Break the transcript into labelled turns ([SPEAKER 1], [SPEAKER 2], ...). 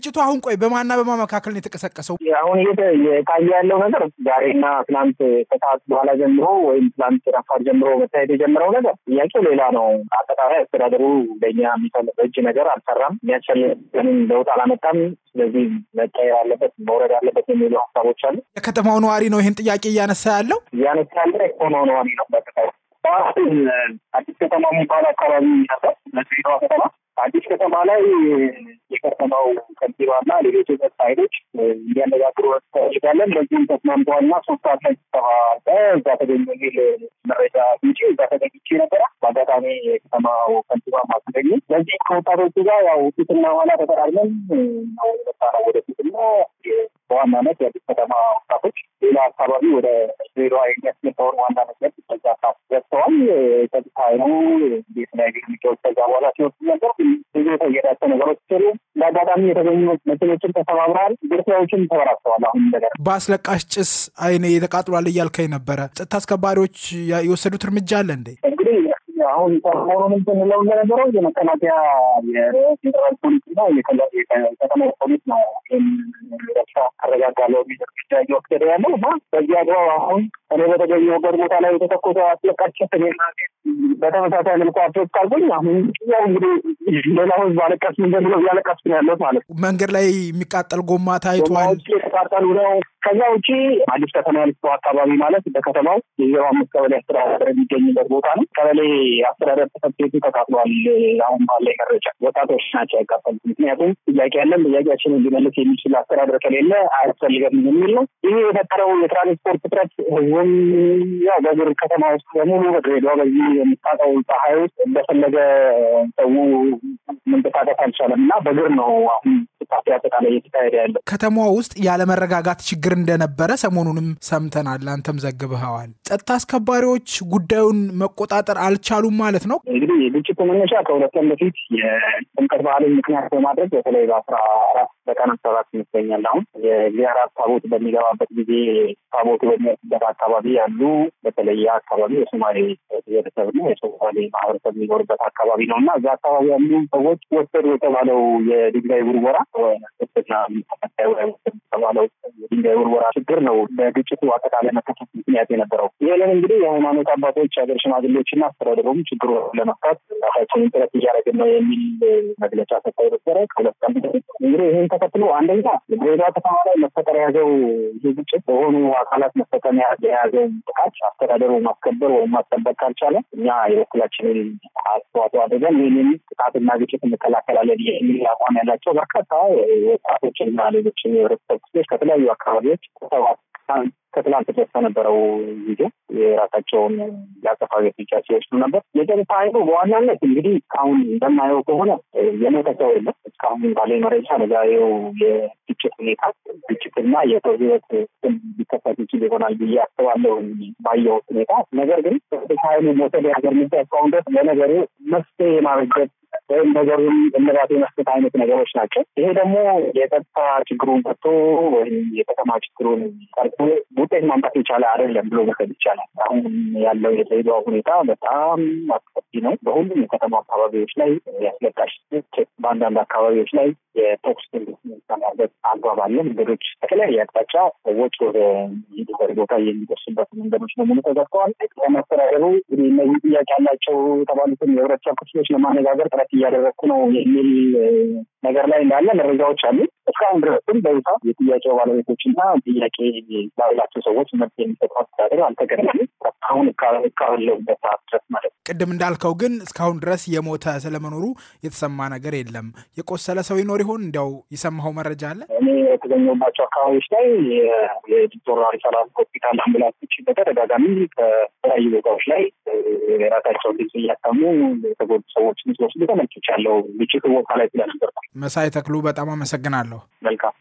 [SPEAKER 1] ግጭቱ አሁን ቆይ በማና በማ መካከል ነው የተቀሰቀሰው?
[SPEAKER 2] አሁን የታየ ያለው ነገር ዛሬና ትናንት ከሰዓት በኋላ ጀምሮ ወይም ትናንት ረፋድ ጀምሮ መታየት የጀመረው ነገር ጥያቄው ሌላ ነው። አጠቃላይ አስተዳደሩ ለእኛ የሚፈልገው እጅ ነገር አልሰራም፣ የሚያስፈልገንም ለውጥ አላመጣም። ስለዚህ መቀየር አለበት፣ መውረድ አለበት የሚሉ ሀሳቦች አሉ።
[SPEAKER 1] የከተማው ነዋሪ ነው ይህን ጥያቄ እያነሳ ያለው
[SPEAKER 2] እያነሳ ያለ የሆነው ነዋሪ ነው። በአጠቃላይ አዲስ ከተማ የሚባል አካባቢ ነበር፣ ከተማ አዲስ ከተማ ላይ ከተማው ከንቲባና ሌሎች የጸጥታ ኃይሎች እንዲያነጋግሩ ፈልጋለን። በዚህም ተስማምተዋልና ሶስት ሰዓት ላይ ስብሰባ እዛ ተገኙ የሚል መረጃ እንጂ እዛ ተገኝቼ ነበረ። በአጋጣሚ የከተማው ከንቲባ ማስገኙ በዚህ ከወጣቶቹ ጋር ያው ፊትና ኋላ ተጠራርመን ነው የመጣ ነው ወደፊትና በዋናነት የአዲስ ከተማ ወጣቶች ሌላ አካባቢ ወደ ድሬዳዋ የሚያስገባውን ዋና መስገድ በዛ ካፍ ገብተዋል። ጸጥታ ኃይሉ የተለያዩ እርምጃዎች ከዛ በኋላ ሲወስዱ ነበር ብዙ የተየዳቸው ነገሮች ሉ
[SPEAKER 1] በአጋጣሚ የተገኙ መኪኖችን ተሰባብረዋል፣ ግርፊያዎችን ተበራክተዋል። አሁን ነገር በአስለቃሽ ጭስ አይኔ የተቃጥሏል እያልከኝ ነበረ። ጸጥታ አስከባሪዎች የወሰዱት እርምጃ አለ እንዴ?
[SPEAKER 2] አሁን ሰሞኑ ምን ስንለው እንደነበረው የመከላከያ የፌደራል ፖሊስ እና የከተማ ፖሊስ ነው ረብሻ አረጋጋለው የሚል እርምጃ እየወሰደ ያለው እና በዚህ አግባብ አሁን እኔ በተገኘሁበት ቦታ ላይ የተተኮሰ አስለቃሽ ጭስ በተመሳሳይ መልኩ አፕሮች ካልኩኝ አሁን ያው እንግዲህ ሌላ ህዝብ አለቀስ ምንድን ነው እያለቀስ ነው ያለት ማለት ነው። መንገድ ላይ
[SPEAKER 1] የሚቃጠል ጎማ ታይቷል። የተቃጠሉ ነው።
[SPEAKER 2] ከዛ ውጪ አዲስ ከተማ ልስቶ አካባቢ ማለት በከተማው የዜሮ አምስት ቀበሌ አስተዳደር የሚገኝበት ቦታ ነው። ቀበሌ አስተዳደር ጽሕፈት ቤቱ ተቃጥሏል። አሁን ባለ መረጃ ወጣቶች ናቸው ያቃጠሉት። ምክንያቱም ጥያቄ ያለን ጥያቄያችን እንዲመልስ የሚችል አስተዳደር ከሌለ አያስፈልገም የሚል ነው። ይህ የፈጠረው የትራንስፖርት እጥረት ህዝቡም ያው በእግር ከተማ ውስጥ በሙሉ በድሬዳዋ በዚህ የምታጠው ፀሐይ ውስጥ እንደፈለገ ሰው መንቀሳቀስ አልቻለም እና በእግር ነው አሁን እንቅስቃሴ
[SPEAKER 1] አጠቃላይ እየተካሄደ ያለው። ከተማዋ ውስጥ ያለመረጋጋት ችግር እንደነበረ ሰሞኑንም ሰምተናል፣ አንተም ዘግብኸዋል። ጸጥታ አስከባሪዎች ጉዳዩን መቆጣጠር አልቻሉም ማለት ነው።
[SPEAKER 2] እንግዲህ ግጭቱ መነሻ ከሁለት ቀን በፊት የጥምቀት በዓልን ምክንያት በማድረግ በተለይ በአስራ አራት በቀን ሰባት ይመስለኛል አሁን የእግዚአብሔር ታቦት በሚገባበት ጊዜ ታቦቱ በሚወስበት አካባቢ ያሉ በተለየ አካባቢ የሶማሌ ብሔረሰብ ነው የሶማሌ ማህበረሰብ የሚኖርበት አካባቢ ነው እና እዛ አካባቢ ያሉ ሰዎች ወሰዱ የተባለው የድንጋይ ውርወራ ወይና ተፈታይ ወይ ተባለው የድንጋይ ውርወራ ችግር ነው በግጭቱ አጠቃላይ መከሰት ምክንያት የነበረው። ይህንን እንግዲህ የሃይማኖት አባቶች፣ ሀገር ሽማግሌዎች ሽማግሌዎችና አስተዳደሩም ችግሩ ለመፍታት ራሳቸውን ጥረት እያደረግን ነው የሚል መግለጫ ሰጥተው ነበረ ከሁለት ቀን እንግዲህ ይህን ተከትሎ አንደኛ ድሬዳዋ ከተማ ላይ መፈጠር የያዘው ይህ ግጭት በሆኑ አካላት መፈጠር የያዘው ጥቃት አስተዳደሩ ማስከበር ወይም ማስጠበቅ ካልቻለ እኛ የበኩላችንን አስተዋጽኦ አድርገን ይህንን ጥቃትና ግጭት እንከላከላለን የሚል አቋም ያላቸው በርካታ ወጣቶችንና ሌሎችን የህብረተሰብ ክፍሎች ከተለያዩ አካባቢዎች ተሰባስበው ከትላንት ድረስ በነበረው ጊዜ የራሳቸውን የአጸፋ ብቻ ሲወስዱ ነበር። የጸጥታ ኃይሉ በዋናነት እንግዲህ እስካሁን እንደማየው ከሆነ የሞተ ሰው የለም። እስካሁን ባለ መረጃ ለዛሬው የግጭት ሁኔታ ግጭትና የሰው ህይወት ሊከሰት ይችል ይሆናል ብዬ አስባለሁ ባየሁት ሁኔታ። ነገር ግን ጸጥታ ኃይሉ ሞተ ሊያገር ምንጫ እስካሁን ድረስ ለነገሩ መፍትሄ የማበጀት ወይም ነገሩን እልባት የመስጠት አይነት ነገሮች ናቸው። ይሄ ደግሞ የጸጥታ ችግሩን ፈቶ ወይም የከተማ ችግሩን ቀርቶ ውጤት ማምጣት የቻለ አይደለም ብሎ መሰል ይቻላል። አሁን ያለው የድሬዳዋ ሁኔታ በጣም አስከፊ ነው። በሁሉም የከተማ አካባቢዎች ላይ ያስለቃሽ በአንዳንድ አካባቢዎች ላይ የተኩስ የሚሰማበት አግባብ አለ። መንገዶች በተለያየ አቅጣጫ ሰዎች ወደ ሚሄዱበት ቦታ የሚደርሱበት መንገዶች በሙሉ ተዘግተዋል። ለማስተዳደሩ እንግዲህ እነዚህ ጥያቄ ያላቸው የተባሉትን የህብረተሰብ ክፍሎች ለማነጋገር ጥረት እያደረግኩ ነው የሚል ነገር ላይ እንዳለ መረጃዎች አሉ። እስካሁን ድረስ ግን በይፋ የጥያቄው ባለቤቶች እና ጥያቄ ባላቸው ሰዎች መብት የሚሰጡ አስተዳደር አልተገናኙም። አሁን እስካለሁበት ሰዓት ድረስ
[SPEAKER 1] ማለት ነው። ቅድም እንዳልከው ግን እስካሁን ድረስ የሞተ ስለመኖሩ የተሰማ ነገር የለም። የቆሰለ ሰው ይኖር ይሆን? እንዲያው የሰማኸው መረጃ አለ?
[SPEAKER 2] እኔ የተገኘባቸው አካባቢዎች ላይ የዶክተር አሪፍ ሆስፒታል አምቡላንሶች በተደጋጋሚ ከተለያዩ ቦታዎች ላይ የራሳቸው ልጅ እያሰሙ የተጎዱ ሰዎችን ሲወስዱ ተመልክቻለሁ። ልጅ ቦታ ላይ ስለነበር
[SPEAKER 1] መሳይ ተክሉ በጣም አመሰግናለሁ።
[SPEAKER 2] መልካም